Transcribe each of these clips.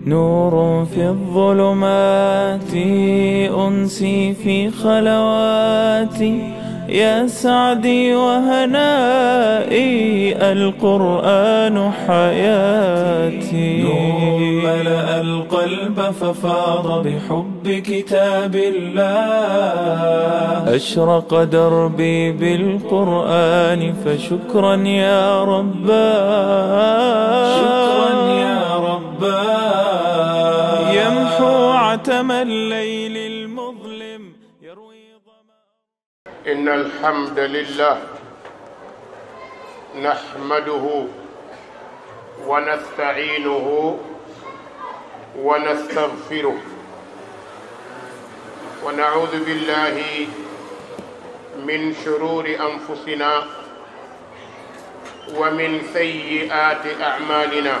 نور في الظلمات أنسي في خلواتي يا سعدي وهنائي القرآن حياتي نور ملأ القلب ففاض بحب كتاب الله أشرق دربي بالقرآن فشكرا يا رباه شكرا يا رباه عتم الليل المظلم يروي ظما إن الحمد لله نحمده ونستعينه ونستغفره ونعوذ بالله من شرور أنفسنا ومن سيئات أعمالنا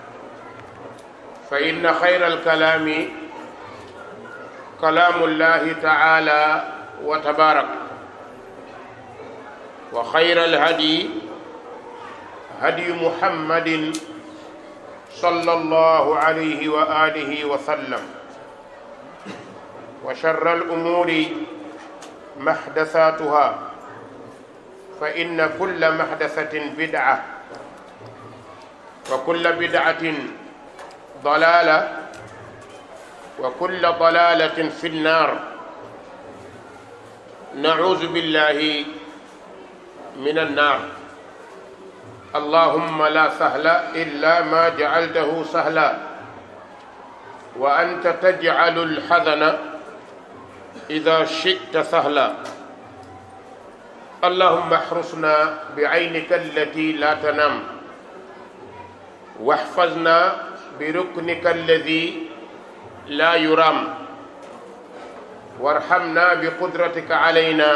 فإن خير الكلام كلام الله تعالى وتبارك وخير الهدي هدي محمد صلى الله عليه وآله وسلم وشر الأمور محدثاتها فإن كل محدثة بدعة وكل بدعة ضلالة وكل ضلالة في النار نعوذ بالله من النار اللهم لا سهل إلا ما جعلته سهلا وأنت تجعل الحزن إذا شئت سهلا اللهم احرسنا بعينك التي لا تنام واحفظنا بركنك الذي لا يرام وارحمنا بقدرتك علينا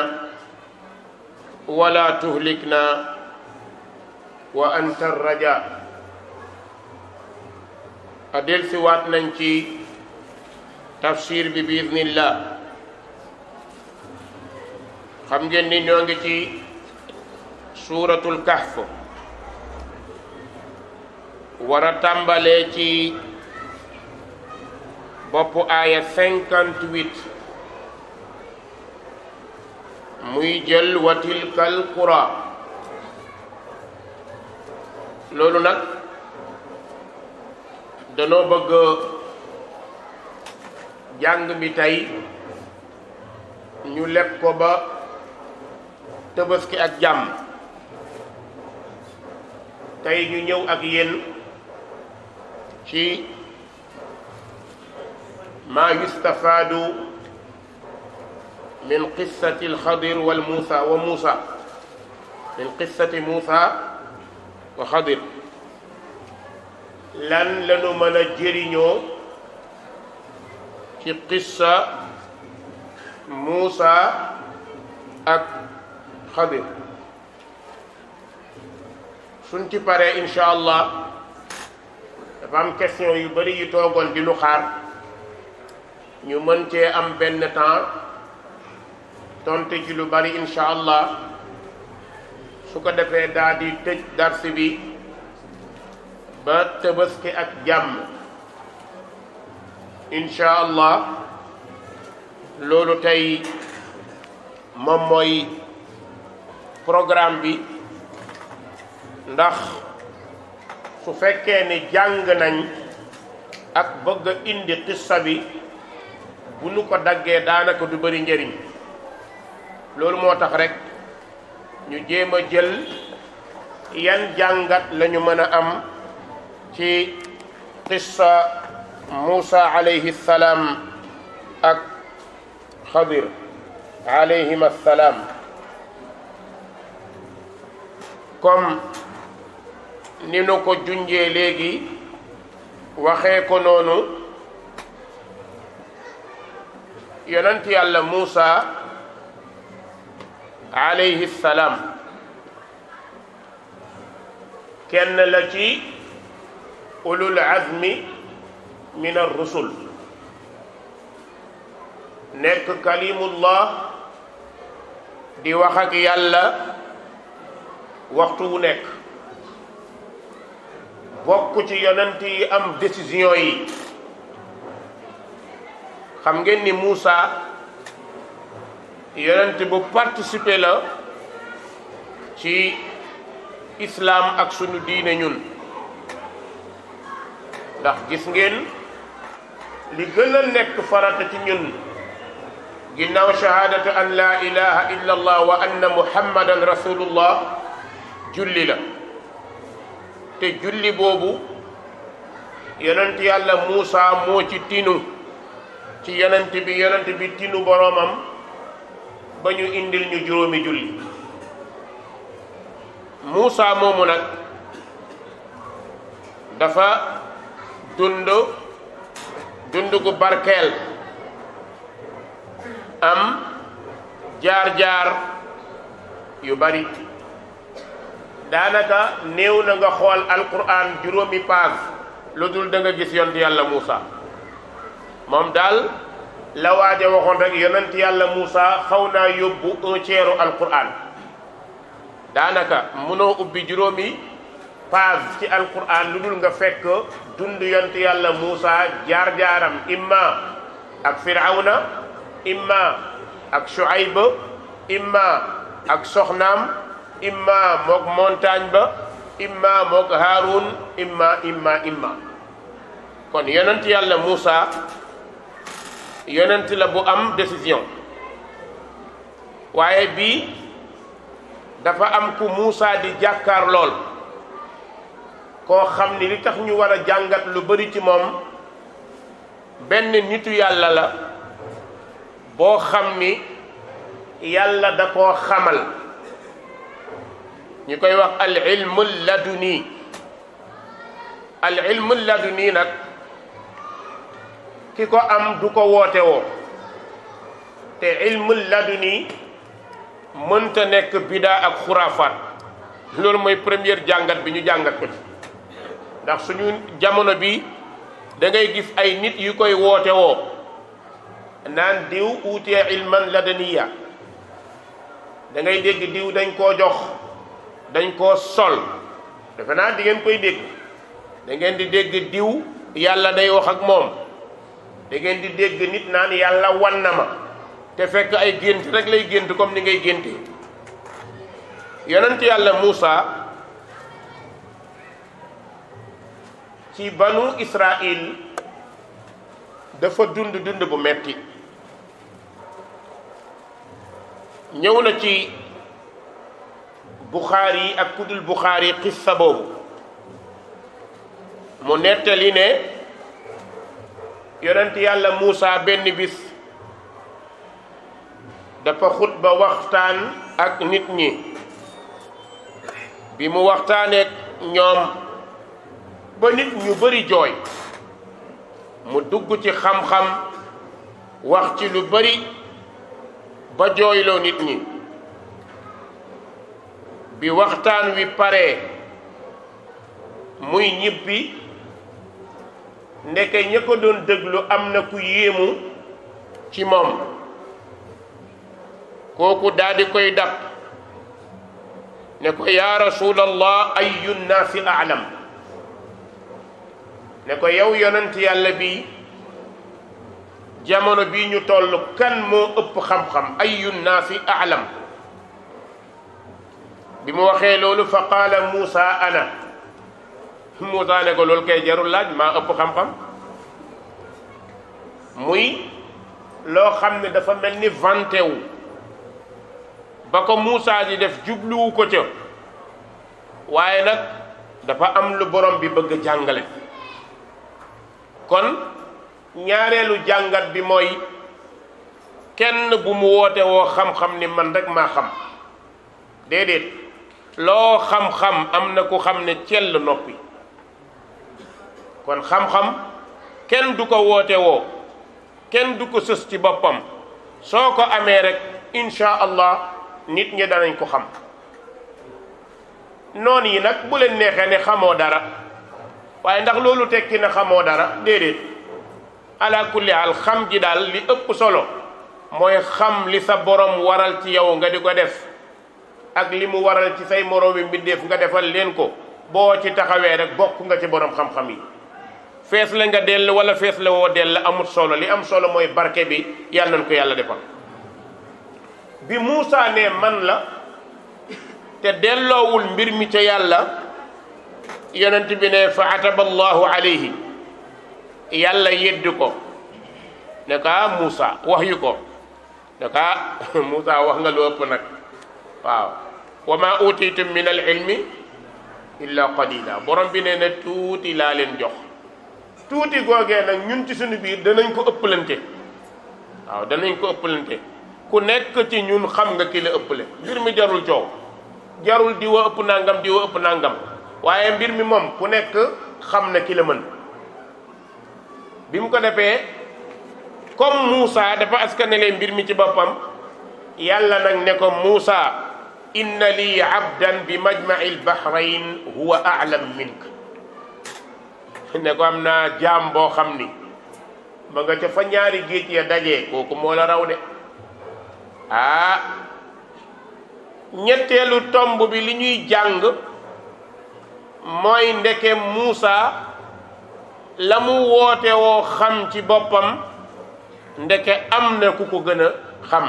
ولا تهلكنا وأنت الرجاء adel si waat nañ ci tafsir bi biiznillah xam ngeen ni ñoo ngi ci suuratul kahf war a tàmbalee ci boppu aaya 58 muy jël wa tilkal loolu nag danoo bëgg jàng bi tey ñu leb ko ba tabaski ak jàmm tey ñu ñëw ak yenn ci maa yustafaadu min qissati alxadir wal muusa wa muusa min qissati muusa wa xadir lan lañu mën a jëriñoo ci qissa muusa ak xadir suñ ci paree incha allah dafa am question yu bari yu toogoon di xaar ñu mën cee am benn temps tontu ji lu bari incha allah su ko defee daa tëj dars bi ba Tabaski ak jàmm incha allah loolu tey moom mooy programme bi ndax su fekkee ni jàng nañ ak bëgg a indi xissa bi bu ñu ko daggee daanaka du bari njëriñ loolu moo tax rek ñu jéem a jël yan jàngat lañu mën a am ci xissa Muusa alayhi salaam ak Xadir alayhim ni nu ko junjee léegi waxe ko noonu yonent yàlla Muusa alayhi salaam kenn la ci ulul azmi min ar-rusul nekk kalimullah di wax yàlla waxtu wu nekk bokk ci yonent am décision yi xam ngeen ni Moussa yonent bu participer la ci islaam ak sunu diine ñun ndax gis ngeen li gën nekk farata ci ñun ginnaaw shahadatu an la ilaha illa wa anna muhammadan rasulullah julli la te julli boobu yonent yàlla Muusa moo ci tinu ci yonent bi yonent bi tinu boroomam ba ñu indil ñu juróomi julli Muusa moomu nag dafa dund dund gu barkeel am jaar-jaar yu bari daanaka néew na nga xool alquran juróomi paas lu dul danga gis yonent yàlla Moussa moom daal la waaja waxoon rek yonent yàlla muusa xaw naa yóbbu un tiers daanaka mënoo ubbi juróomi paas ci alquran lu dul nga fekk dund yonent yàlla muusa jaar-jaaram imma ak firawna imma ak Shuayb imma ak soxnaam imma mook montagne ba imma mook Haarun imma imma imma kon yonent yàlla Moussa yonent la bu am décision waaye bii dafa am ku Moussa di jàkkaar lool koo xam ni li tax ñu war a jàngat lu bari ci moom benn nitu yàlla la boo xam ni yàlla da koo xamal ñu koy wax al ilmu laduni al ilmu nag ki ko am du ko wootewoo woo te ilmu laduni mënta nekk bidaa ak xuraafaat loolu mooy première jàngat bi ñu jàngat ko ci ndax suñu jamono bi da ngay gis ay nit yu koy woote woo naan diw uutee ilman ladaniya da ngay dégg diw dañ koo jox dañ koo sol defe naa di koy dégg dangeen di dégg diw yàlla day wax ak moom da ngeen di dégg nit naan yàlla wan na ma te fekk ay gént rek lay gént comme ni ngay génte yonent yàlla Muusa ci banu Israil dafa dund dund bu metti ñëw na ci buxaari yi ak kudul buxaari xissa boobu mu nettali ne yonent yàlla Muusa benn bis dafa xutba waxtaan ak nit ñi bi mu waxtaaneek ñoom ba nit ñu bari jooy mu dugg ci xam-xam wax ci lu bari ba jooyloo nit ñi bi waxtaan wi pare muy ñibbi ndeke ña ko doon déglu am na ku yéemu ci moom kooku daldi koy dab ne ko yaa rasulallah ayu nnaasi aalam ne ko yow yonent yàlla bi jamono bii ñu toll kan moo ëpp xam-xam ayu nnaasi aalam bi mu waxee loolu fa qaala Moussa ana Moussa ne ko loolu kay jarul laaj maa ëpp xam-xam muy loo xam ne dafa mel ni vanté ba ko Moussa di def jubluwu ko ca waaye nag dafa am lu borom bi bëgg jàngale kon ñaareelu jàngat bi mooy kenn bu mu woote woo xam-xam ni man rekk maa xam déedéet loo xam-xam am na ku xam ne cell noppi kon xam-xam kenn du ko woote woo kenn du ko sës ci boppam soo ko amee rek incha allah nit ñi danañ ko xam noon yi nag bu leen neexee ne xamoo dara waaye ndax loolu tekki na xamoo dara déedéet ala kulli xam ji daal li ëpp solo mooy xam li sa borom waral ci yow nga di ko def ak li mu waral ci say moroomi mbindeef nga defal leen ko boo ci taxawee rek bokk nga ci boroom xam-xam yi fees la nga dell wala fees la woo dell amut solo li am solo mooy barke bi yàlla nañ ko yàlla defal bi Moussa ne man la te delloowul mbir mi ca yàlla yonent bi ne fa ataba allahu yàlla yedd ko ne ko ah, wax yu ko ne ko ah, wax nga lu ëpp nag waaw wa ma utitum min al ilmi illa qalila borom bi nee na tuuti laa leen jox tuuti googee nag ñun ci suñu biir danañ ko ëppalante waaw danañ ko ëppalante ku nekk ci ñun xam nga ki la ëppale mbir mi jarul coow jarul di ëpp nangam di ëpp nangam waaye mbir mi moom ku nekk xam na ki mën bi mu ko defee comme Moussa dafa askanale mbir mi ci boppam yàlla nag ne ko Moussa inna lii abdan bi majmaci lbahrain huwa aalam mink ne am naa jaam boo xam ni ma nga ca fa ñaari géej ya dajee kooku moo la raw de ah ñetteelu tomb bi li ñuy jàng mooy ndeke Muusa la mu woote woo xam ci boppam ndeke am na ku ko gën a xam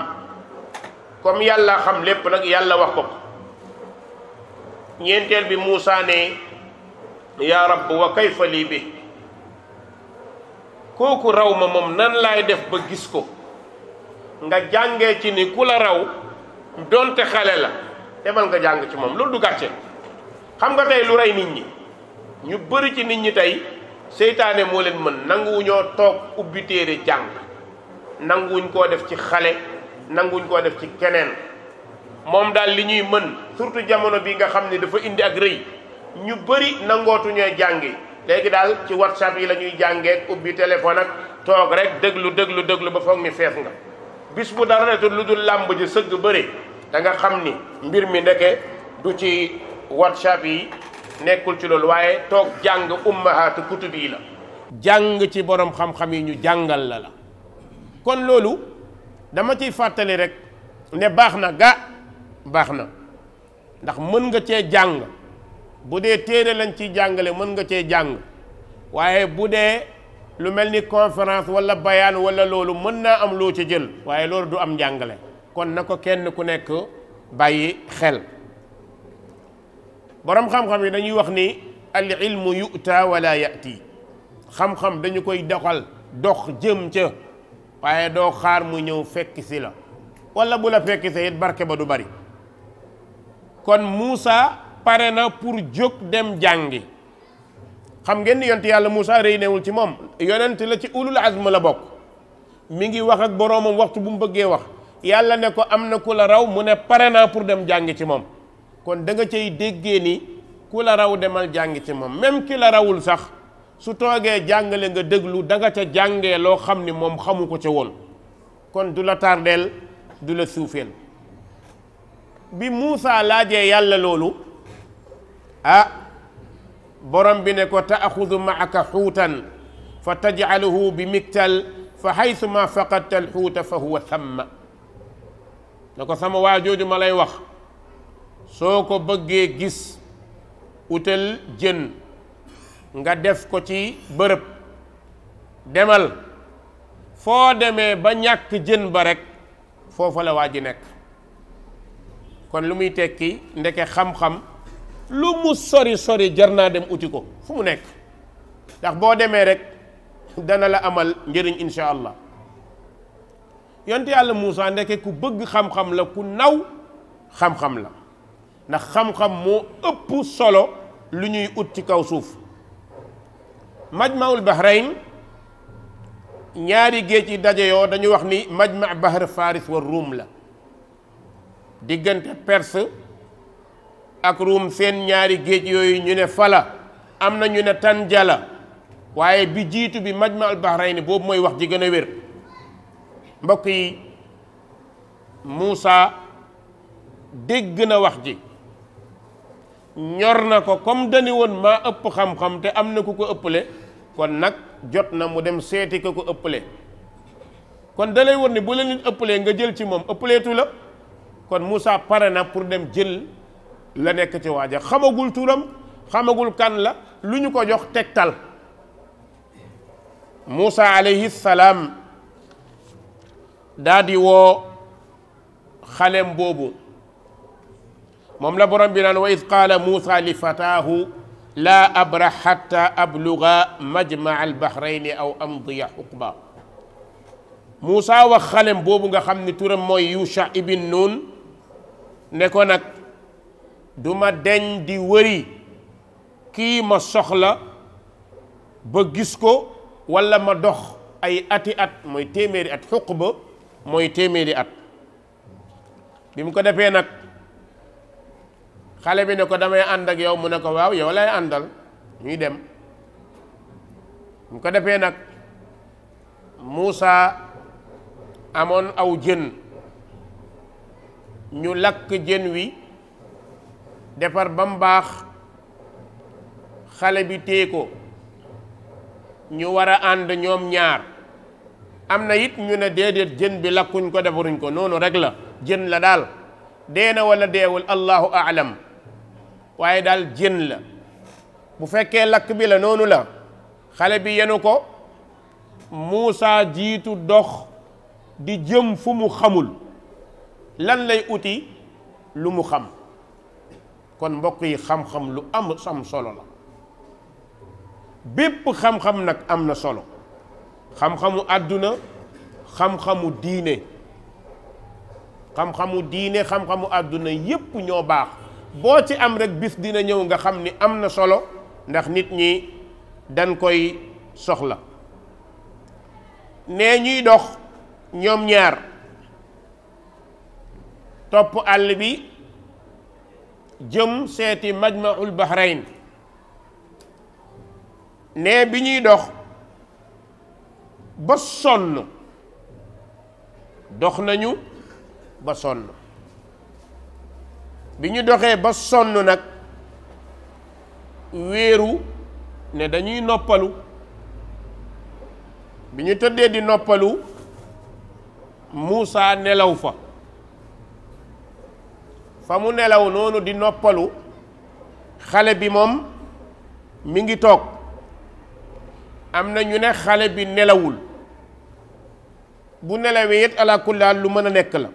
comme yàlla xam lépp nag yàlla wax ko ko ñeenteel bi Muusa ne yaa rabb wa kayfa lii bi kooku raw ma moom nan laay def ba gis ko nga jàngee ci ni ku la raw doonte xale la demal nga jàng ci moom loolu du gàcce xam nga tey lu rey nit ñi ñu bari ci nit ñi tey seytaane moo leen mën nanguwuñoo toog ubbi téere jàng nanguwuñ koo def ci xale nanguñ koo def ci keneen moom daal li ñuy mën surtout jamono bi nga xam ne dafa indi ak rëy ñu bëri nangootuñoo jàngi léegi daal ci whatsapp yi la ñuy jàngee ubbi téléphone ak toog rek déglu déglu déglu ba foog mi fees nga bis bu dara netul lu dul làmb ji sëgg bëri da nga xam ni mbir mi ndeke du ci whatsapp yi nekkul ci loolu waaye toog jàng ummahaatu kutub yi la jàng ci boroom xam-xam yi ñu jàngal la la kon loolu dama ciy fàttali rek ne baax na ga baax na ndax mën nga cee jàng bu dee téere lañ ciy jàngale mën nga cee jàng waaye bu dee lu mel ni conférence wala bayaan wala loolu mën naa am loo ci jël waaye loolu du am njàngale kon na ko kenn ku nekk bàyyi xel boroom xam-xam yi dañuy wax ni al ilmu yu'ta wala ya'ti xam-xam dañu koy doxal dox jëm ca waaye doo xaar mu ñëw fekk si la wala bu la fekk si it barke ba du bari kon Moussa pare na pour jóg dem jàngi xam ngeen ni yàlla Moussa rey newul ci moom yonent la ci ulul azm la bokk mu ngi wax ak boroomam waxtu bu mu bëggee wax yàlla ne ko am na ku la raw mu ne pare naa pour dem jàngi ci moom kon danga nga cay déggee ni ku la raw demal jàngi ci moom même ki la rawul sax su toogee jàngale nga déglu danga ca jàngee loo xam ni moom xamu ko ca woon kon du la tardeel du la suufeel bi Muusa laajee yàlla loolu a ah, borom bi ne ko taaxudu maaka xuutan fa tajcaluhu bi miktal fa xaysu ma faqadta alxuuta fa huwa samma na ko sama waa jooju ma lay wax soo ko bëggee gis utal jën nga def ko ci bërëb demal foo demee ba ñàkk jën ba rek foofa la waa ji nekk kon lu muy tekki ndeke xam-xam lu mu sori sori jar naa dem uti ko fu mu nekk ndax boo demee rek dana la amal njëriñ insha allah yonte yàlla Moussa ndeke ku bëgg xam-xam la ku naw xam-xam la ndax xam-xam moo ëpp solo lu ñuy ut ci kaw suuf majmaul bahrain ñaari géej yi daje yoo dañu wax ni majma bahr faris wa room la diggante perse ak ruum seen ñaari géej yooyu ñu ne fala am na ñu ne tanja la waaye bi jiitu bi majmaul bahrain boobu mooy wax ji gën a wér mbokk yi Moussa dégg na wax ji ñor na ko comme dani woon maa ëpp xam-xam te am na ku ko ëpple kon nag jot na mu dem seeti ko ko ëppale kon da lay woon ni bu la nit ëppalee nga jël ci moom ëppaleetu la kon Moussa pare na pour dem jël la nekk ci waaja xamagul tuuram xamagul kan la lu ñu ko jox tegtal Moussa alayhi salaam daa di woo xalem boobu moom la borom bi naan wa id qaala muusa li fataahu laa abra xatta abluga majmaa albahrayni aw amdiya xuqba muusa wax boobu nga xam ni turam mooy yusha ibn nun ne ko nag du ma deñ di wëri kii ma soxla ba gis ko walla ma dox ay ati at mooy téeméeri at xuqba mooy téeméeri at bi mu ko defee nag xale bi ne ko damay ànd ak yow mu ne ko waaw yow lay àndal ñuy dem mu ko defee nag Muusa amoon aw jën ñu lakk jën wi defar ba mu baax xale bi téye ko ñu war a ànd ñoom ñaar am na it ñu ne déedéet jën bi lakkuñ ko defaruñ ko noonu rek la jën la daal dee na wala deewul allahu aalam waaye daal jën la bu fekkee lakk bi la noonu la xale bi yenu ko Muusa jiitu dox di jëm fu mu xamul lan lay uti lu mu xam kon mbokk yi xam-xam lu am sam solo la bépp xam-xam nag am na solo xam-xamu àdduna xam-xamu diine xam-xamu diine xam-xamu àdduna yépp ñoo baax boo ci am rek bis dina ñëw nga xam ni am na solo ndax nit ñi dañ koy soxla nee ñuy dox ñoom ñaar topp àll bi jëm seeti majmaul bahrain nee bi ñuy dox ba sonn dox nañu ba sonn bi ñu doxee ba sonn nag wéeru ne dañuy noppalu bi ñu tëddee di noppalu Muusa nelaw fa fa mu nelaw noonu di noppalu xale bi moom mi ngi toog am na ñu ne xale bi nelawul bu nelawee it ala kulli lu mën a nekk la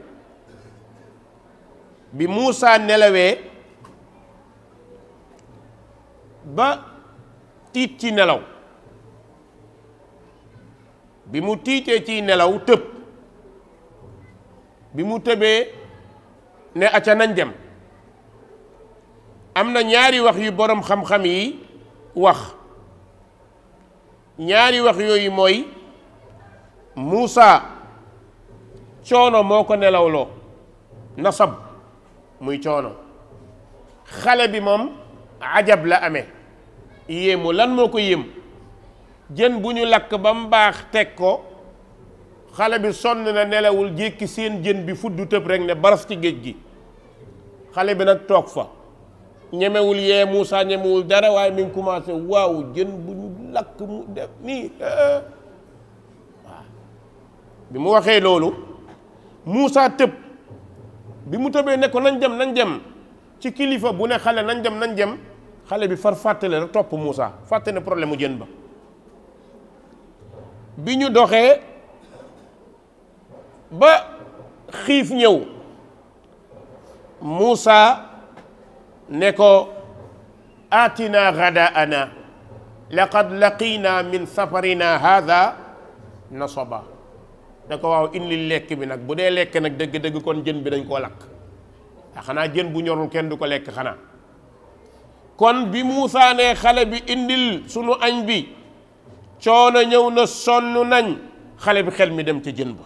bi Muusa nelawee ba tiit ci nelaw bi mu tiitee ciy nelaw tëb bi mu tëbee ne aca nañ dem am na ñaari wax yu boroom xam-xam yi wax ñaari wax yooyu mooy Muusa coono moo ko nelawloo nasab muy coono xale bi moom ajab la ame yéemu lan moo ko yéem jën bu ñu lakk ba mu baax teg ko xale bi sonn na nelawul jékki seen jën bi fudd tëb rek ne baras ci géej gi xale bi nag toog fa ñemewul yee Moussa ñemewul dara waaye mi ngi commencé waaw jën bu ñu lakk mu def nii waaw bi mu waxee loolu Moussa tëb bi mu tëbee ne ko nañ dem nañ dem ci kilifa bu ne xale nañ dem nañ dem xale bi far fàttale rek topp Moussa fàtte ne problème mu jën ba bi ñu doxee ba xiif ñëw Moussa ne ko aatina gadaana laqad laqina min safarina hada nasaba da ko waaw indil lekk bi nag bu dee lekk nag dëgg-dëgg kon jën bi dañ koo lakk xanaa jën bu ñorul kenn du ko lekk xanaa kon bi Muusaa ne xale bi indil sunu añ bi coono ñëw na sonn nañ xale bi xel mi dem ca jën ba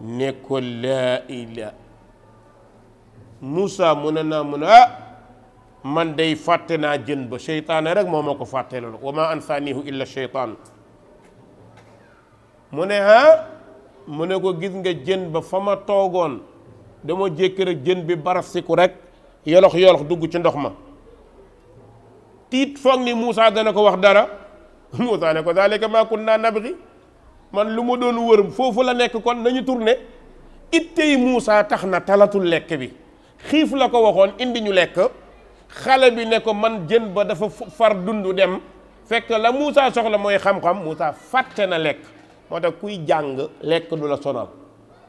ne ko laa ila Muusaa mu a naa mu ne ah, man day fàtte naa jën ba seytaane rek moo ma ko fàtte loolu wa ma ansanihu illa seytaan mu ne ha mu ne ko gis nga jën ba fa ma toogoon dama jékki rek jën bi baraf rek yolox yolox dugg ci ndox ma tiit foog ni Moussa dana ko wax dara Moussa ne ko daalika maa kunnaa nabghi man lu ma doon wër foofu la nekk kon nañu tourné ittey Moussa tax na talatul lekk bi xiif la ko waxoon indi ñu lekk xale bi ne ko man jën ba dafa far dund dem fekk la Moussa soxla mooy xam-xam Moussa fàtte na lekk moo tax kuy jàng lekk du la sonal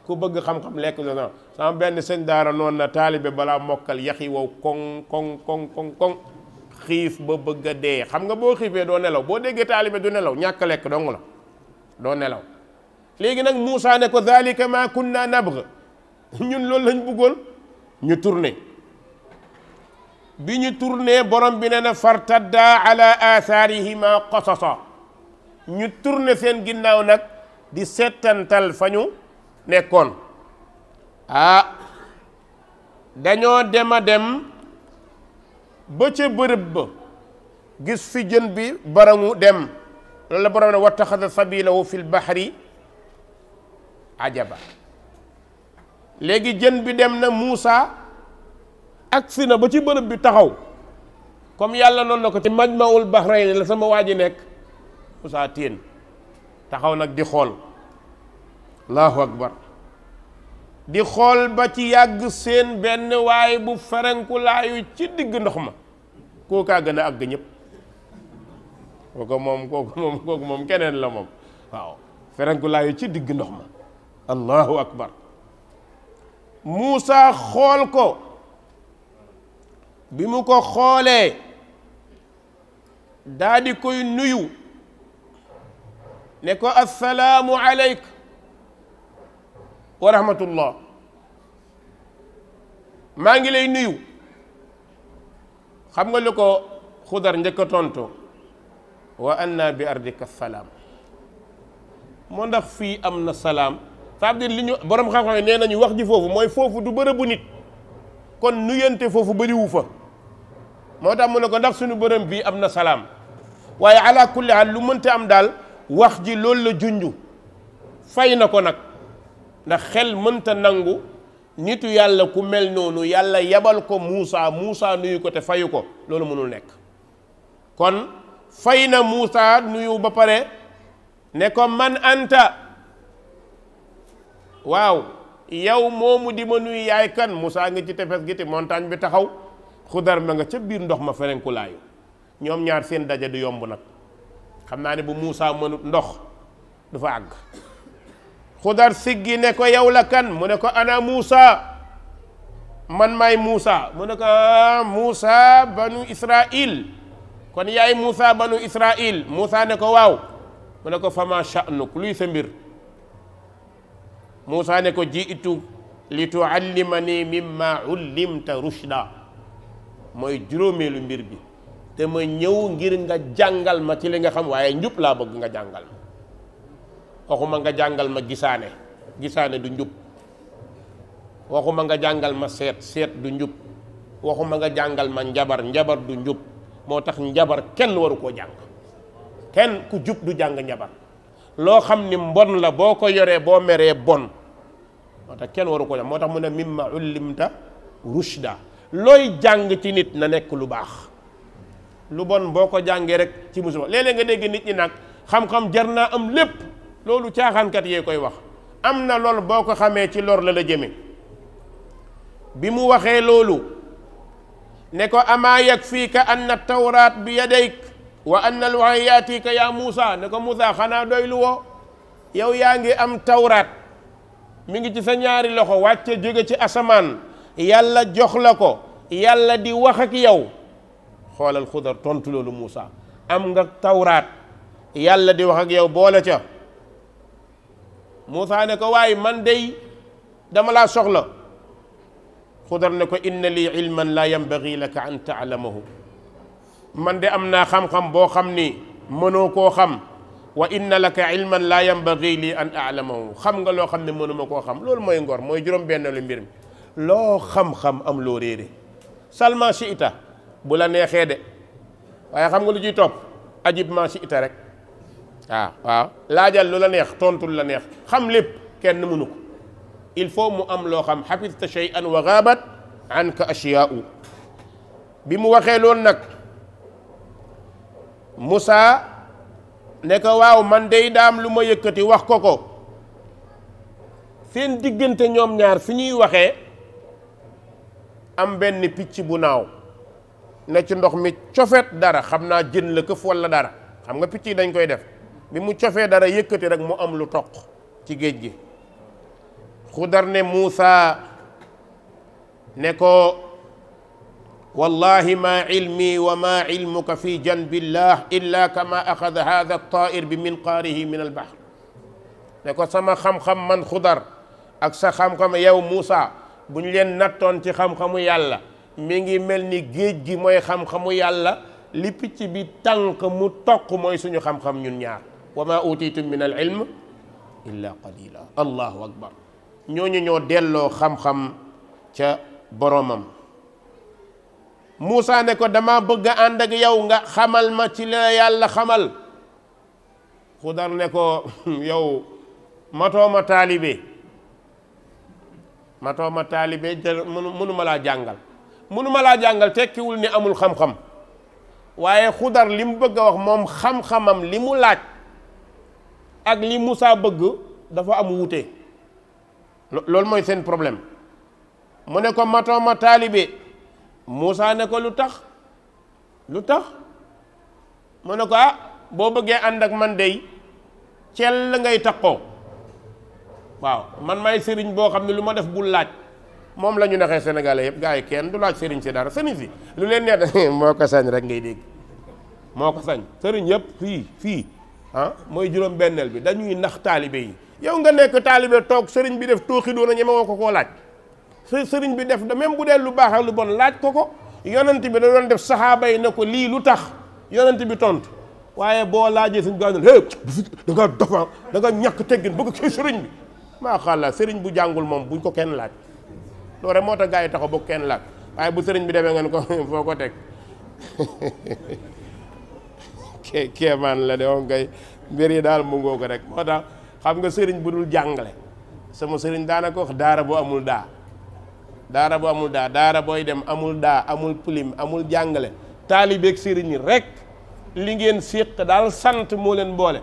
ku bëgg xam-xam lekk du la sonal sama benn sëñ daara noon na taalibe balaa mokkal yax yi wow koŋ koŋ koŋ koŋ koŋ xiif ba bëgg a dee xam nga boo xiifee doo nelaw boo déggee taalibe du nelaw ñàkk lekk dong la doo nelaw léegi nag Moussa ne ko zalika ma kunna nabgh ñun loolu lañ bëggoon ñu tourné bi ñu tourné borom bi ne na fartadda ala athaarihima qasasa ñu tourné seen ginnaaw nag di settantal fa ñu nekkoon ah dañoo dem a dem ba ca bërëb ba gis fi jën bi baramu dem loolu la borom ne wattaxada sabilahu fi lbahri ajaba léegi jën bi dem na Muusa agsi na ba ci bërëb bi taxaw comme yàlla noonu na ko ci majmaul bahrayni la sama waa ji nekk Muusa téen taxaw nag di xool allahu akbar di xool ba ci yàgg seen benn waay bu ferenkulaayu ci digg ndox ma kookaa gën a àgg ñëpp kooku moom kooku moom kooku moom keneen la moom waaw ferenkulaayu ci digg ndox ma allahu akbar Muusa xool ko bi mu ko xoolee daa di koy nuyu ne ko assalaamu aleyk wa rahmatullah maa ngi lay nuyu xam nga li ko xudar njëkk a tontu wa anna bi ardika salaam moo ndax fii am na salaam ça veut li ñu borom xam-xam yi nee nañu wax ji foofu mooy foofu du bërëbu nit kon nuyante foofu bëriwu fa moo tax mu ne ko ndax suñu bërëm bii am na salaam waaye ala kulli haal lu mënta am daal wax ji loolu la junju fay na ko nag ndax xel mënta nangu nitu yàlla ku mel noonu yàlla yabal ko Muusa Muusa nuyu ko te fayu ko loolu mënul nekk kon fay na Muusa nuyu ba pare ne ko man anta waaw yow moomu di ma nuyu yaay kan Muusa nga ci tefes gi te montagne bi taxaw xudar ma nga ca biir ndox ma ferenku laayu ñoom ñaar seen daje du yomb nag xam naa ne bu Muusa mënut ndox du fa àgg xudar siggi ne ko yow la kan mu ne ko ana Muusa man may Muusa mu ne ko ah, Muusa banu Israil kon yay Muusa banu Israil Muusa ne ko waaw mu ne ko fama sha'nuk luy sa mbir Muusa ne ko jiitu li tuallimani mimma ullimta rushda mooy juróomeelu mbir bi te ma ñëw ngir nga jàngal ma ci li nga xam waaye njub laa bëgg nga jàngal waxuma nga jàngal ma gisaane gisaane du njub waxuma nga jàngal ma seet seet du njub waxuma nga jàngal ma njabar njabar du njub moo tax njabar kenn waru koo jàng kenn ku jub du jàng njabar loo xam ni mbon la boo ko yoree boo meree bon moo tax kenn waru ko jàng moo tax mu ne mimma ullimta rushda looy jàng ci nit na nekk lu baax lu bon boo ko jàngee rek ci musiba léeg-léeg nga dégg nit ñi nag xam-xam jar naa am lépp loolu caaxaankat yee koy wax am na lor boo ko xamee ci lor la la jëme bi mu waxee loolu ne ko amaa yakfiika anna tawraat bi yadayk wa anna alwahyi yaatika yaa ko Muusa xanaa doy lu woo yow yaa ngi am tawraat mi ngi ci sa ñaari loxo wàcce jóge ci asamaan yàlla jox la ko yàlla di wax ak yow xoolal xudar tontu loolu Muusa am nga tawraat yàlla di wax ak yow boole ca Moussa ne ko waaye man dey dama laa soxla Xudar ne ko inna lii ilman laa yambagi laka an taalamahu man de am naa xam-xam boo xam ni mënoo ko xam wa inna laka ilman laa yambagi lii an alamahu xam nga loo xam ne ma koo xam loolu mooy ngor mooy juróom benn lu mbir loo xam-xam am loo réere seulement si ita bu la neexee de waaye xam nga lu ciy topp ajib ma si ita rek waaw ah, waaw laajal lu la neex tontul la neex xam lépp kenn mënu ko il faut mu am loo xam xafista shay'an wa gaabat anka ashiyaa'u bi mu waxee loolu nag musaa ne ko waaw man day daam lu ma yëkkati wax ko ko seen diggante ñoom ñaar fi ñuy waxee am benn picc bu naaw ne ci ndox mi cofet dara xam naa jën la këf walla dara xam nga picc yi dañ koy def bi mu cofee dara yëkkati rek mu am lu toq ci géej gi xudar ne Muusa ne ko wallahi ma ilmi wa ma ilmuka fi janbillah illa kama axada hada tair bi minqaarihi min albahr ne ko sama xam-xam man xudar ak sa xam-xam yow Muusa bu ñu leen nattoon ci xam-xamu yàlla mi ngi mel ni géej gi mooy xam-xamu yàlla li picc bi tànk mu toq mooy suñu xam-xam ñun ñaar wa maa utitum min al ilm illa qalila allahu akbar ñooñu ñoo delloo xam-xam ca boromam Moussa ne ko dama bëgg a ànd ak yow nga xamal ma ci la yàlla xamal Xudar ne ko yow matooma taalibe matooma taalibe mënuma laa jàngal mënuma laa jàngal tekkiwul ni amul xam-xam waaye Xudar li mu bëgg a wax moom xam-xamam li mu laaj ak li Moussa bëgg dafa am wute loolu mooy seen problème mu ne ko matooma taalibe Moussa ne ko lu tax lu tax mu ne ko ah boo bëggee ànd ak man dey cell la ngay takkoo waaw man may sëriñ boo xam ne lu ma def bul laaj moom la ñu naxee sénégalais yëpp gars yi kenn du laaj sëriñ si dara sëriñ si lu leen neex moo ko sañ rek ngay dégg moo ko sañ sëriñ yëpp fii fii ah mooy juróom benneel bi dañuy nax taalibe yi yow nga nekk taalibe toog sëriñ bi def tooxi doona ñeme woo ko koo laaj sëriñ bi def da même bu dee lu baax ak lu bon laaj ko ko yonent bi da doon def saxaaba yi ne ko lii lu tax yonent bi tontu waaye boo laajee suñ gaaw ne da nga dofa da ñàkk teggin bëgg kii sëriñ bi maa sëriñ bu jàngul moom buñ ko kenn laaj loolu moo tax gars yi taxaw ba kenn laaj waaye bu sëriñ bi demee ngeen ko foo ko teg kéemaan la de moom kay mbir yi daal mu ngoo ko rek moo tax xam nga sëriñ bu dul jàngale sama sëriñ daana ko wax daara bu amul daa daara bu amul daa daara booy dem amul daa amul pilim amul jàngale taalibeeg sëriñ yi rek li ngeen séq daal sant moo leen boole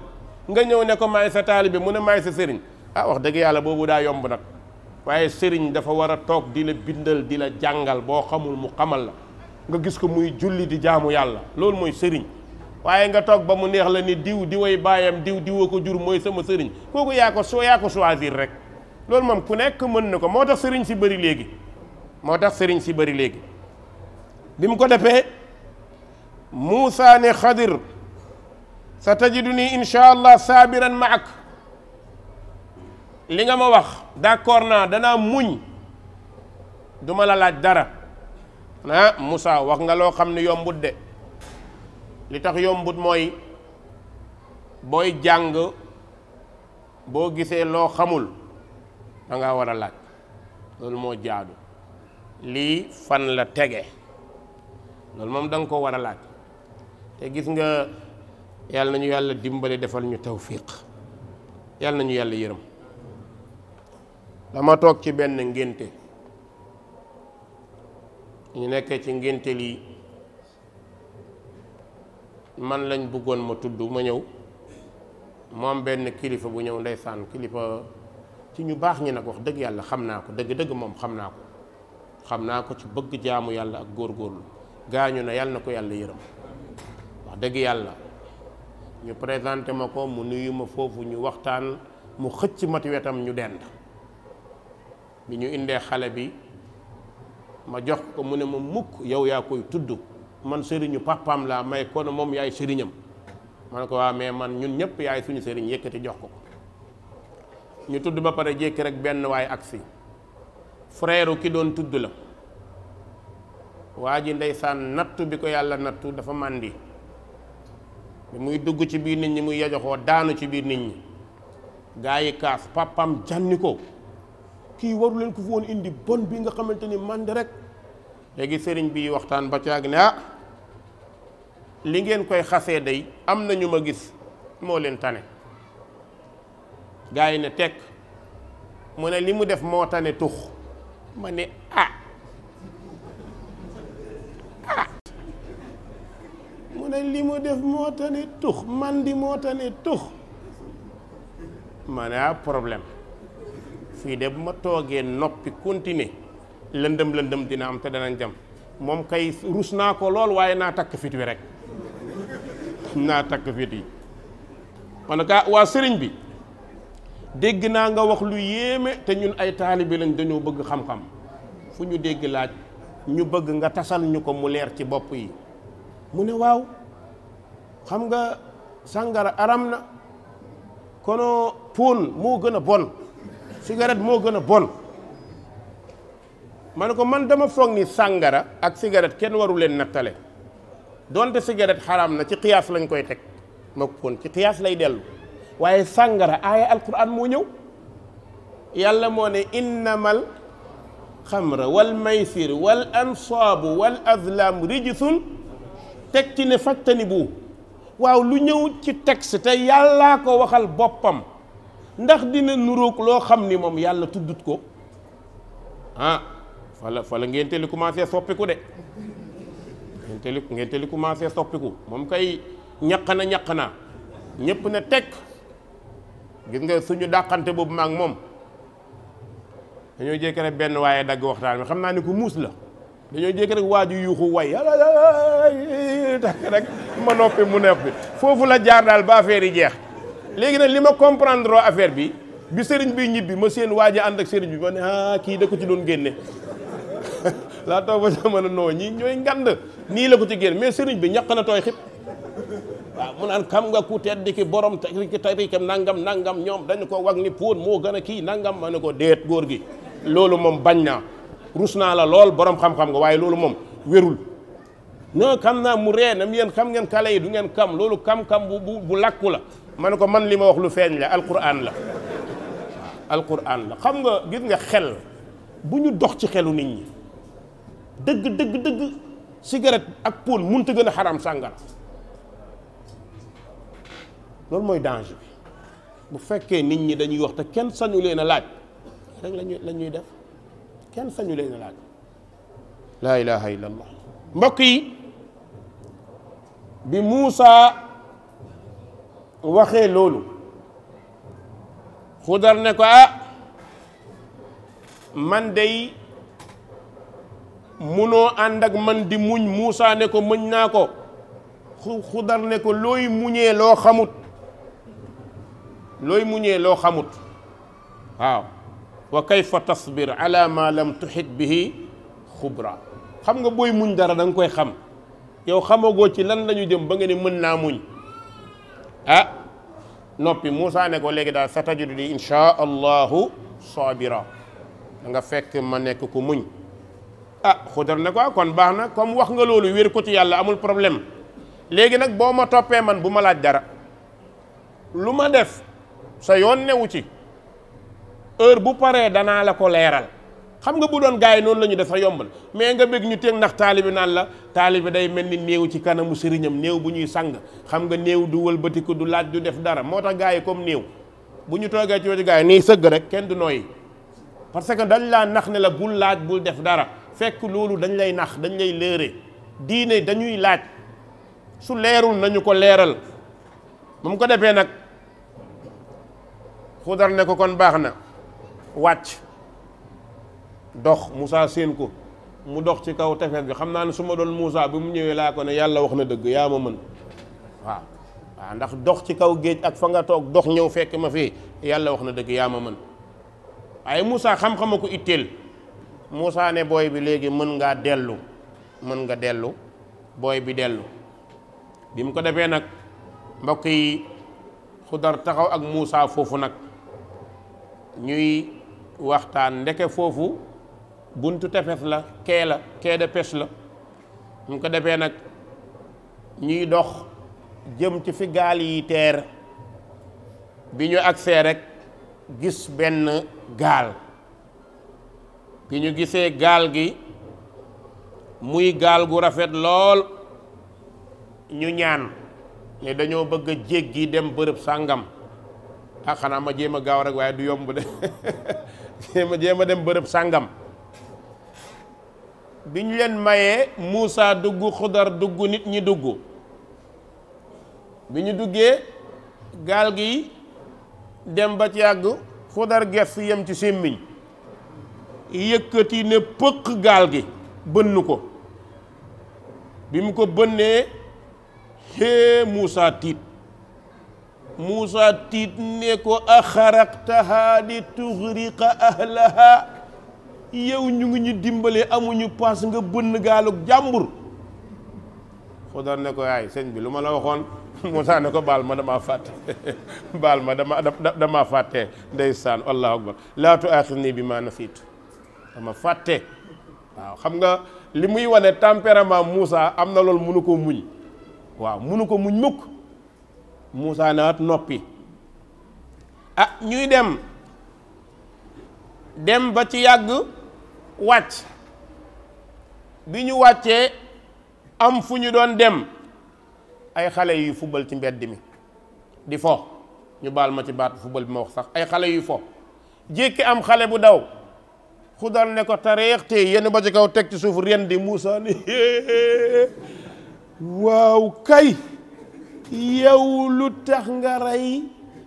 nga ñëw ne ko maay sa taalibe mu ne may sa sëriñ ah wax dëgg yàlla boobu daa yomb nag waaye sëriñ dafa war a toog di la bindal di la jàngal boo xamul mu xamal la nga gis ko muy julli di jaamu yàlla loolu mooy sëriñ waaye nga toog ba mu neex la ni diw diway baayam diw diwa ko jur mooy sama sëriñ kooku yaa ko soo yaa ko rek loolu moom ku nekk mën na ko moo tax sëriñ si bëri léegi moo tax sëriñ si bëri léegi bi mu ko defee Muusa ne Xadir sa tajidu nii incha allah saabiran ma ak li nga ma wax d'accord naa danaa muñ duma la laaj dara ah Muusa wax nga loo xam ne yombut de li tax yombut mooy booy jàng boo gisee loo xamul danga ngaa war a laaj loolu moo jaadu lii fan la tege loolu moom danga ko war a laaj te gis nga yàlla ñu yàlla dimbali defal ñu tawfiq yàlla nañu yàlla yërëm dama toog ci benn ngénte ñu nekk ci ngénte lii man lañ bëggoon ma tudd ma ñëw moom benn kilifa bu ñëw ndeysaan kilifa ci ñu baax ñi nag wax dëgg yàlla xam naa ko dëgg-dëgg moom xam naa ko xam naa ko ci bëgg jaamu yàlla ak góorgóorlu gaañu na yàlla na ko yàlla yërëm wax dëgg yàlla ñu présenté ma ko mu nuyu ma foofu ñu waxtaan mu xëcc mati wetam ñu dend bi ñu indee xale bi ma jox ko mu ne ma mukk yow yaa koy tudd man sëriñu papaam laa may kon moom yaay sëriñam ma ne ko waa ah, mais man ñun ñëpp yaay suñu sëriñ yëkkati jox ko ñu tudd ba pare jékki rek benn waay agsi frère ki doon tudd la waa ji ndeysaan nattu bi ko yàlla nattu dafa màndi muy dugg ci biir nit ñi muy yajoxoo daanu ci biir nit ñi gaa yi kaas papam jànni ko kii waru leen ko fi woon indi bon bi nga xamante ni màndi rek léegi sëriñ bi waxtaan ba caag ne ah li ngeen koy xasee day am na ñu ma gis moo leen tane gars yi ne tekk mu ne li mu def moo tane tux ma ne ah ah mu ne li mu man di moo tane tux ma ne ah problème fii de bu ma toogee noppi continuer lëndëm lëndëm dina am te danañ jam moom kay rus naa ko lool waaye naa takk fit wi rek naa takk fit yi ma ne ko ah, waa sëriñ bi dégg naa nga wax lu yéeme te ñun ay taalibe lañ dañoo bëgg xam-xam fu ñu dégg laaj ñu bëgg nga tasal ñu ko mu leer ci bopp yi mu ne waaw xam nga sàngara aram na kono poon moo gën a bon sigaret moo gën a bon ma ne ko man dama foog ni sàngara ak cigarette kenn waru leen nattale donte cigarette xaraam na ci xiyaas lañ koy teg ma kon ci xiyaas lay dellu waaye sàngara aaya alquran moo ñëw yàlla moo ne innamal xamra wal maysir wal ansaabu wal azlam rijsun teg ci ne fattani bu waaw lu ñëw ci texte te yàllaa ko waxal boppam ndax dina nurook loo xam ni moom yàlla tuddut ko ah fala fala ngeen te li soppiku de ngeen teli ngeen teli commencé soppiku moom kay ñaq na ñaq naa ñëpp ne teg gis nga suñu dàqante boobu maak moom dañoo jékki rek benn waaye dagg waxtaan bi xam naa ne ku muus la dañoo jékki rek waaju yuuxu way takk rek ma noppi mu noppi foofu la jaar daal ba affaire jeex léegi nag li ma comprendre affaire bi bi sëriñ bi ñibbi ma seen waaji ànd ak sëriñ bi ma ne ah kii da ci doon génne laa toog ba jamono noo ñii ñooy ngand nii la ko ci génn mais sëriñ bi ñaq na tooy xib waaw mu naan xam nga ku tedd ki borom ki tarikam nangam nangam ñoom dañu ko wag ni pour moo gën a kii nangam ma ne ko déet góor gi loolu moom bañ naa rus naa la lool borom xam-xam nga waaye loolu moom wérul non xam naa mu ree nam yéen xam ngeen kale yi du ngeen kam loolu kam-kam bu bu làkku la ma ne ko man li ma wax lu feeñ la alquran la alquran la xam nga gis nga xel bu ñu dox ci xelu nit ñi dëgg dëgg dëgg cigarette ak pool mënta gën a xaram sàngara loolu mooy dange bi bu fekkee nit ñi dañuy wax te kenn sañu leen a laaj rek lañuy def kenn sañu leen a laaj laa ilaha illa mbokk yi bi Muusa waxee loolu xudar ne ko ah man dey munoo ànd ak man di muñ Muusaa ne ko mëñ naa ko xudar ne ko looy muñee loo xamut looy muñee loo xamut waaw wa kayfa tasbir ala ma lam tuxit bihi xubra xam nga booy muñ dara da koy xam yow xamagoo ci lan lañu jëm ba nga ne mën naa muñ ah noppi Moussa ne ko léegi daal sa tajudu di inchaa allahu sabira da nga fekk ma nekk ko muñ ah xudar ne quoi kon baax na comme wax nga loolu wér ko ci yàlla amul problème léegi nag boo ma toppee man bu ma laaj dara lu ma def sa yoon newu ci heure bu paree danaa la ko leeral xam nga bu doon gars yi noonu la ñu def sa yombal mais nga bëgg ñu teg ndax taalibi naan la taalibi day mel ni néew ci kanamu sëriñam néew bu ñuy sang xam nga néew du wëlbatiku du laaj du def dara moo tax gars yi comme néew bu ñu toogee ci wetu gars yi nii sëgg rek kenn du nooyi parce que dañ nax ne la bul laaj bul def dara fekk loolu dañ lay nax dañ lay léere diine dañuy laaj su leerul nañu ko leeral bu ko defee nag xudar ne ko kon baax na wàcc dox musaa séen ko mu dox ci kaw tefes bi xam naa ne su ma doon Moussa bi mu ñëwee laa ko ne yàlla wax na dëgg yaa ma mën waa waaw ndax dox ci kaw géej ak fa nga toog dox ñëw fekk ma fii yàlla wax na dëgg yaa ma mën waaye Moussa xam-xama ko itteel Moussa ne booy bi léegi mën ngaa dellu mën nga dellu booy bi dellu bi mu ko defee nag mbokk yi Xudar taxaw ak Moussa foofu nag ñuy waxtaan ndeke foofu buntu tefes la kee la quai de pêche la mu ko defee nag ñuy dox jëm ci fi gaal yi teer bi ñu agsee rekk gis benn gaal bi ñu gisee gaal gi muy gaal gu rafet lool ñu ñaan ne dañoo bëgg a jéggi dem bërëb sàngam ah xanaa ma jéem a gaaw rek waaye du yomb de ma jéem a dem bërëb sàngam bi ñu leen mayee Moussa dugg xudar dugg nit ñi dugg bi ñu duggee gaal gi dem ba ci yàgg xudar gerte yem ci sémmiñ yëkkati ne pëq gaal gi bënn ko bi mu ko bënnee hee Moussa tiit Moussa tiit ne ko axaraqtaha li tuxriqa ahlaha yow ñu ngi ñu dimbale amuñu paas nga bënn gaalug jàmbur xodar ne ko yaay sëñ bi lu ma la waxoon Moussa ne ko baal ma damaa fàtte baal ma dama damaa fàtte ndeysaan allahu akbar laa tu aaxir nii bi maa nafiitu dama fàtte waaw xam nga li muy wane tempérament Moussa am na loolu mënu ko muñ waaw munu ko muñ mukk Moussa nawet noppi a ah, ñuy dem dem ba ci yàgg wàcc bi ñu wàccee am fu ñu doon dem ay xale yuy fubal ci mbedd mi di fo ñu baal ma ci baat fubal bi ma wax sax ay xale yuy fo jékki am xale bu daw ku daan ne ko tareex yenn ba ci kaw teg ci suuf ren di Moussa waaw kay yow lu tax nga rey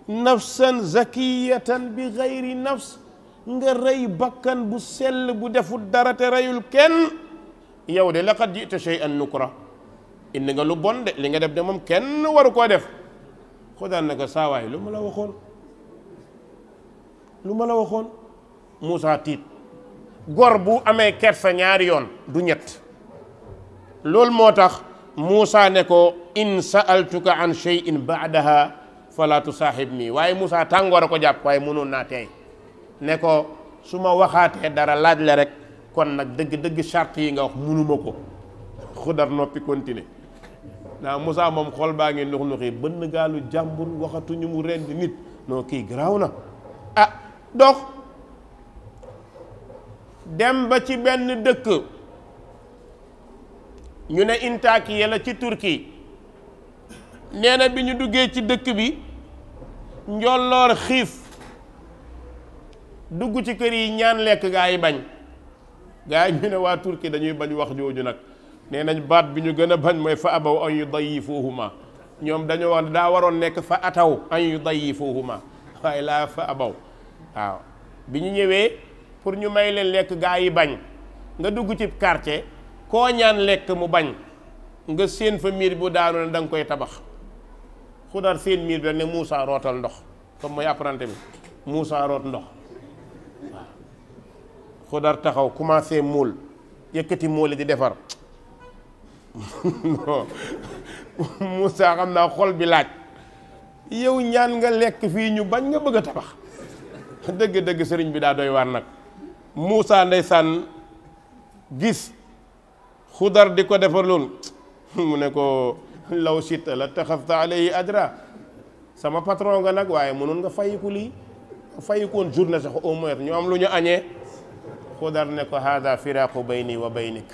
nafsan zakiyatan bi xayri nafs nga rey bakkan bu sell bu deful dara te reyul kenn yow de laqad ji'ta shay'an nukra indi nga lu bon li nga def de moom kenn waru koo def ko daan ne ko saawaay lu ma la waxoon lu ma la waxoon Moussa tiit gor bu amee kersa ñaari yoon du ñett loolu moo tax Moussa ne ko in sa'altuka an shay'in ba'daha fala tusaaxib nii waaye Moussa tàngoor a ko jàpp waaye mënoon naa tey ne ko su ma waxaatee dara laaj la rek kon nag dëgg dëgg charte yi nga wax mënuma ko xudar noppi continuer ndax Moussa moom xool baa ngi nux nuxi bënn gaalu jàmbur waxatuñu mu rendi nit non kii garaaw na ah dox dem ba ci benn dëkk ñu ne Intakiye la ci turki nee bi ñu duggee ci dëkk bi njolloor xiif dugg ci kër yi ñaan lekk gaa yi bañ gaa yi ñu ne waa Turquie dañuy bañ wax jooju nag nee nañ baat bi ñu gën a bañ mooy fa abaw an yudayifuhuma ñoom dañoo wax daa waroon nekk fa ataw an yudayifuhuma waaye laa fa abaw waaw bi ñu ñëwee pour ñu may leen lekk gaa yi bañ nga dugg ci quartier koo ñaan lekk mu bañ nga séen fa miir bu daanu danga koy tabax xudar séen miir bi ne Moussa rootal ndox comme mooy apprenti bi Moussa root ndox waaw taxaw commencé muul yëkkati muuli di defar Moussa xam naa xol bi laaj yow ñaan nga lekk fii ñu bañ nga bëgg a tabax dëgg-dëgg sëriñ bi daa doy waar nag Moussa ndeysaan gis xudar di ko defarloon mu ne ko law shita la taxafta alayhi ajra sama patron nga nag waaye mënoon nga fayiku lii fayikoon journée sax au moins ñu am lu ñu añee xudar ne ko hada firaqu bayni wa baynik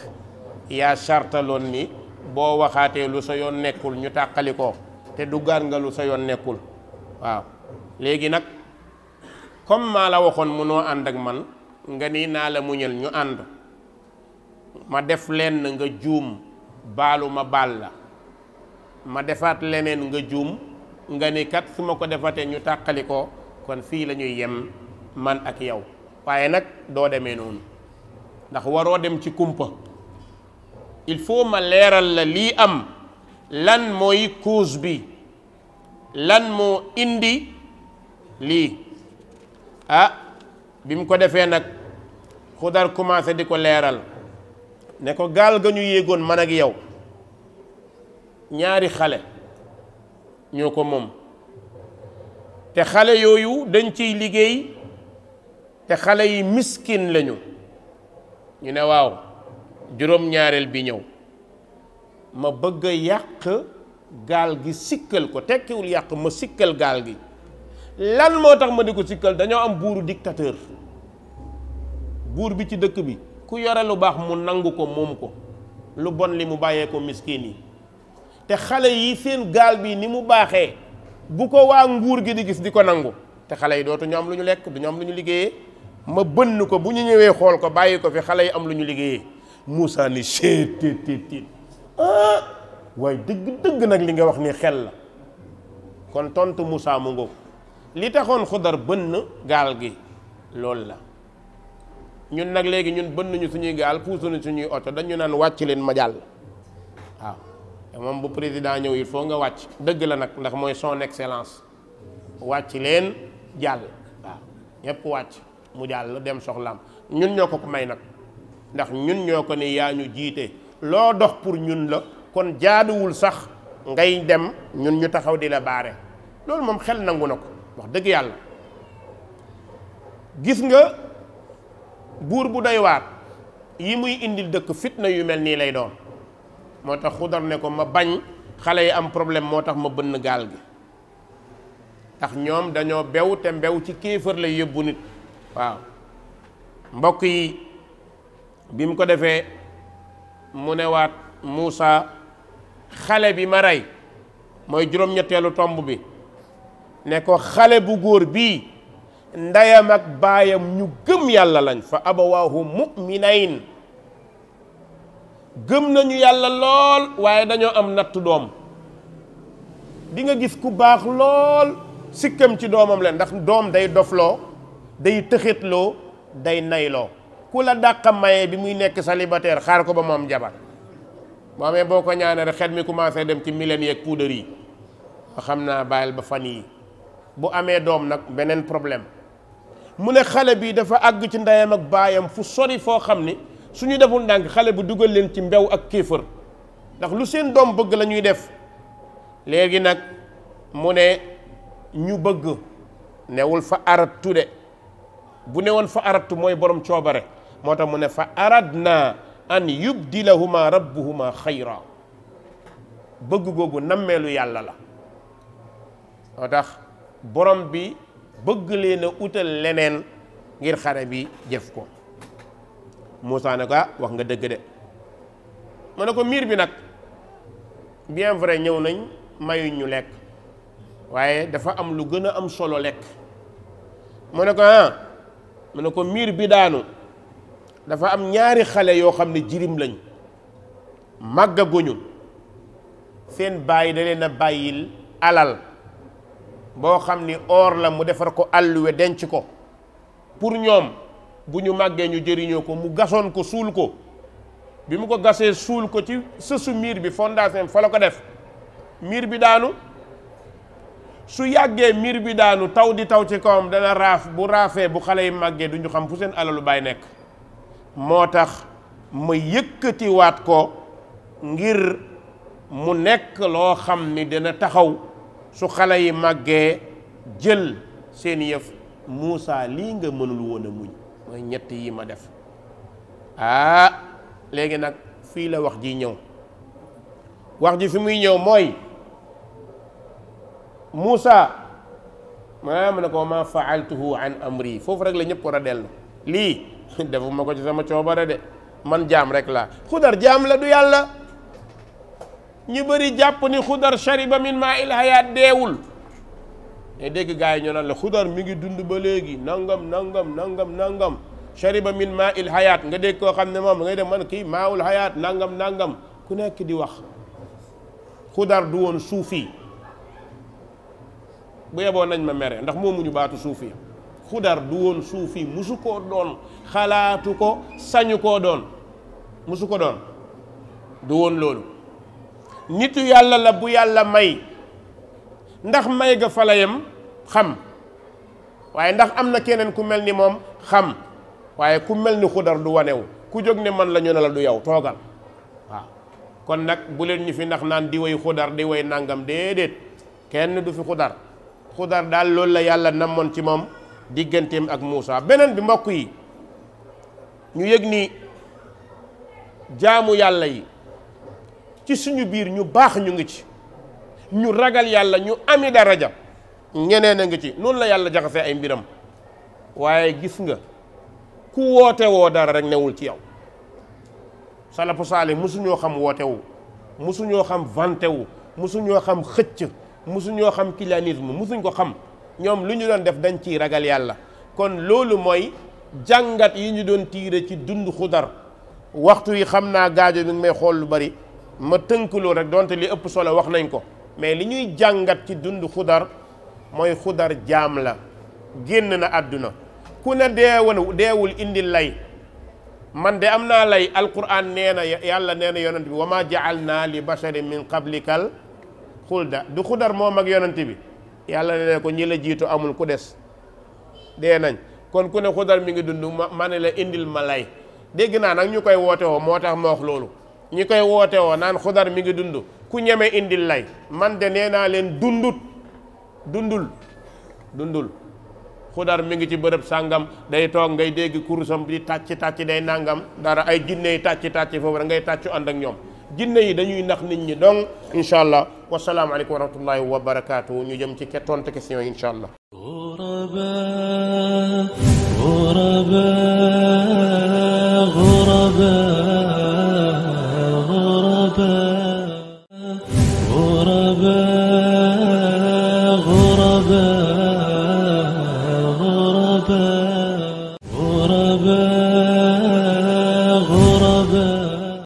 yaa chartaloon nii boo waxaatee lu sa yoon nekkul ñu tàqali ko te duggaat nga lu sa yoon nekkul waaw léegi nag comme maa la waxoon mënoo ànd ak man nga ni naa la muñal ñu ànd ma def lenn nga juum baalu ma baal la ma defaat leneen nga juum nga ni kat su ma ko defatee ñu tàkkali ko kon fii la ñuy yem man ak yow waaye nag doo demee noonu ndax waroo dem ci kumpa il faut ma leeral la lii am lan mooy cause bi lan moo indi lii ah bi mu ko defee nag xudar commencé di ko leeral ne ko gaal ga ñu yéegoon man ak yow ñaari xale ñoo ko moom te xale yooyu dañ ciy liggéey te xale yi miskin lañu ñu ne waaw juróom-ñaareel bi ñëw ma bëgg a yàq gaal gi sikkal ko tekkiwul yàq ma sikkal gaal gi lan moo tax ma di ko sikkal dañoo am buuru dictateur buur bi ci dëkk bi ku yore lu baax mu nangu ko moom ko lu bon li mu bàyyee ko miskin yi te xale yi seen gaal bi ni mu baaxee bu ko waa nguur gi di gis di ko nangu te xale yi dootu ñu am lu ñu lekk du ñu am lu ñu liggéeyee ma bënn ko bu ñu ñëwee xool ko bàyyi ko fi xale yi am lu ñu liggéeyee Moussa ni seet tiit tiit tiit ah waaye dëgg dëgg nag li nga wax ni xel la kon tontu Moussa mu ngoog li taxoon xudar bënn gaal gi loolu la ñun nag léegi ñun bënn ñu suñuy gaal puusuñu suñuy oto dañu naan wàcc leen ma jàll waaw te moom bu président ñëw il faut nga wàcc dëgg la nag ndax mooy son excellence wàcc leen jàll waaw ñëpp wàcc mu jàll dem soxlaam ñun ñoo ko ko may nag ndax ñun ñoo ko ni yaa ñu jiite loo dox pour ñun la kon jaaduwul sax ngay dem ñun ñu taxaw di la baare loolu moom xel nangu na ko wax dëgg yàlla gis nga buur bu doy waar yi muy indil dëkk fitna yu mel nii lay doon moo tax xudar ne ko ma bañ xale yi am problème moo tax ma bënn gaal gi ndax ñoom dañoo bew te mbew ci kéefër lay yóbbu nit waaw mbokk yi bi mu ko defee mu newaat Muusa xale bi ma rey mooy juróom-ñetteelu tomb bi ne ko xale bu góor bii ndeyam ak baayam ñu gëm yàlla lañ fa abawaahu muminayn gëm nañu yàlla lool waaye dañoo am nattu doom di nga gis ku baax lool sikkam ci doomam la ndax doom day dofloo day tëxitloo day nayloo ku la dàqa maye bi muy nekk célibataire xaar ko ba moom am jabar boo amee boo ko ñaanee rek xet mi commencé dem ci milen yeeg poudre yi xam naa bàyyil ba fan yi bu amee doom nag beneen problème mu ne xale bi dafa àgg ci ndeyam ak baayam fu sori foo xam ni su ñu deful ndànk xale bu dugal leen ci mbew ak kéefër ndax lu seen doom bëgg lañuy def léegi nag mu ne ñu bëgg newul fa arattu de bu ne woon fa arattu mooy borom coobare moo tax mu ne fa arat aradna an yubdilahuma rabbuhuma xayra bëgg googu nammeelu yàlla la moo tax borom bi bëgg leen a utal leneen ngir xare bi jëf ko Moussa ne ko ah, wax nga dëgg de mu ne ko miir bi nag bien vrai ñëw nañ mayuñ ñu lekk waaye dafa am lu gën a am solo lekk mu ne ko ah mu ne ko miir bi daanu dafa am ñaari xale yoo xam ne jirim lañ màggaguñu seen bàyyi da leen a bàyyil alal boo xam ni or la mu defar ko alluwe denc ko pour ñoom bu ñu màggee ñu jëriñoo ko mu gasoon ko suul ko bi mu ko gasee suul ko ci sësu miir bi fondation fa la ko def miir bi daanu su yàggee miir bi daanu taw di taw ci kawam dana raaf bu raafee bu xale yi màggee du ñu xam fu seen alalu baay nekk moo tax ma yëkkatiwaat ko ngir mu nekk loo xam ni dina taxaw su xale yi màggee jël seen yëf Moussa lii nga mënul woon muñ mooy ñett yi ma def ah léegi nag fii la wax ji ñëw wax ji fi muy ñëw mooy Moussa maanaam ne ko ma faaltuhu an amri foofu rek la ñëpp war a dellu lii defuma ko ci sama coobare de man jaam rek laa xudar jaam la du yàlla ñu bëri jàpp ni xudar shariba min maa il hayaat deewul ne dégg gars yi ñoo naan la xudar mi ngi dund ba léegi nangam nangam nangam nangam shariba min maa il hayaat nga dégg koo xam ne moom ngay dem man kii maawul hayaat nangam nangam ku nekk di wax xudar du woon suufi bu yeboo nañ ma mere ndax moomuñu baatu suufi xudar du woon suufi musu koo doon xalaatu ko sañu koo doon musu ko doon du woon loolu nitu yàlla la bu yàlla may ndax may ga fa yem xam waaye ndax am na keneen ku mel ni moom xam waaye ku mel ni xudar du wanewu ku jóg ne man la ñu ne la du yow toogal waaw kon nag bu leen ñu fi ndax naan di way xudar di way nangam déedéet kenn du fi xudar xudar daal loolu la yàlla namoon ci moom digganteem ak Muusa beneen bi mbokk yi ñu yëg ni jaamu yàlla yi ci suñu biir ñu baax ñu ngi ci ñu ragal yàlla ñu ami daraja ñeneen a ngi ci noonu la yàlla jaxasee ay mbiram waaye gis nga ku woote woo dara rek newul ci yow salafu saali musuñoo xam woote wu musuñoo xam vante wu musuñoo xam xëcc musuñoo xam clientisme musuñ ko xam ñoom lu ñu doon def dañ ciy ragal yàlla kon loolu mooy jàngat yi ñu doon tiire ci dund xudar waxtu yi xam naa gaajo bi ngi may xool lu bari ma tënkaloo rek donte li ëpp solo wax nañ ko mais li ñuy jàngat ci dund xudar mooy xudar jaam la génn na àdduna ku ne deewoon deewul indi lay man de am naa lay alquran nee na yàlla nee na yonent bi wa ma jaal naa li basharin min qablikal xulda du xudar moo mag yonant bi yàlla ne na ko ñi la jiitu amul ku des dee nañ kon ku ne xudar mi ngi dund ma ne la indil ma lay dégg naa nag ñu koy woote woo moo tax ma wax loolu ñi koy woote woo naan xudar mi ngi dund ku ñeme indil lay man de nee naa leen dundut dundul dundul xudar mi ngi ci bërëb sàngam day toog ngay dégg kurusam di tàcc tàcc day nàngam dara ay jinne yi tàcc tàcc foofu da ngay tàccu ànd ak ñoom jinne yi dañuy nax nit ñi donc incha allah wasalaamualeykum wa rahmatullahi wa ñu jëm ci tontu question yi incha allah.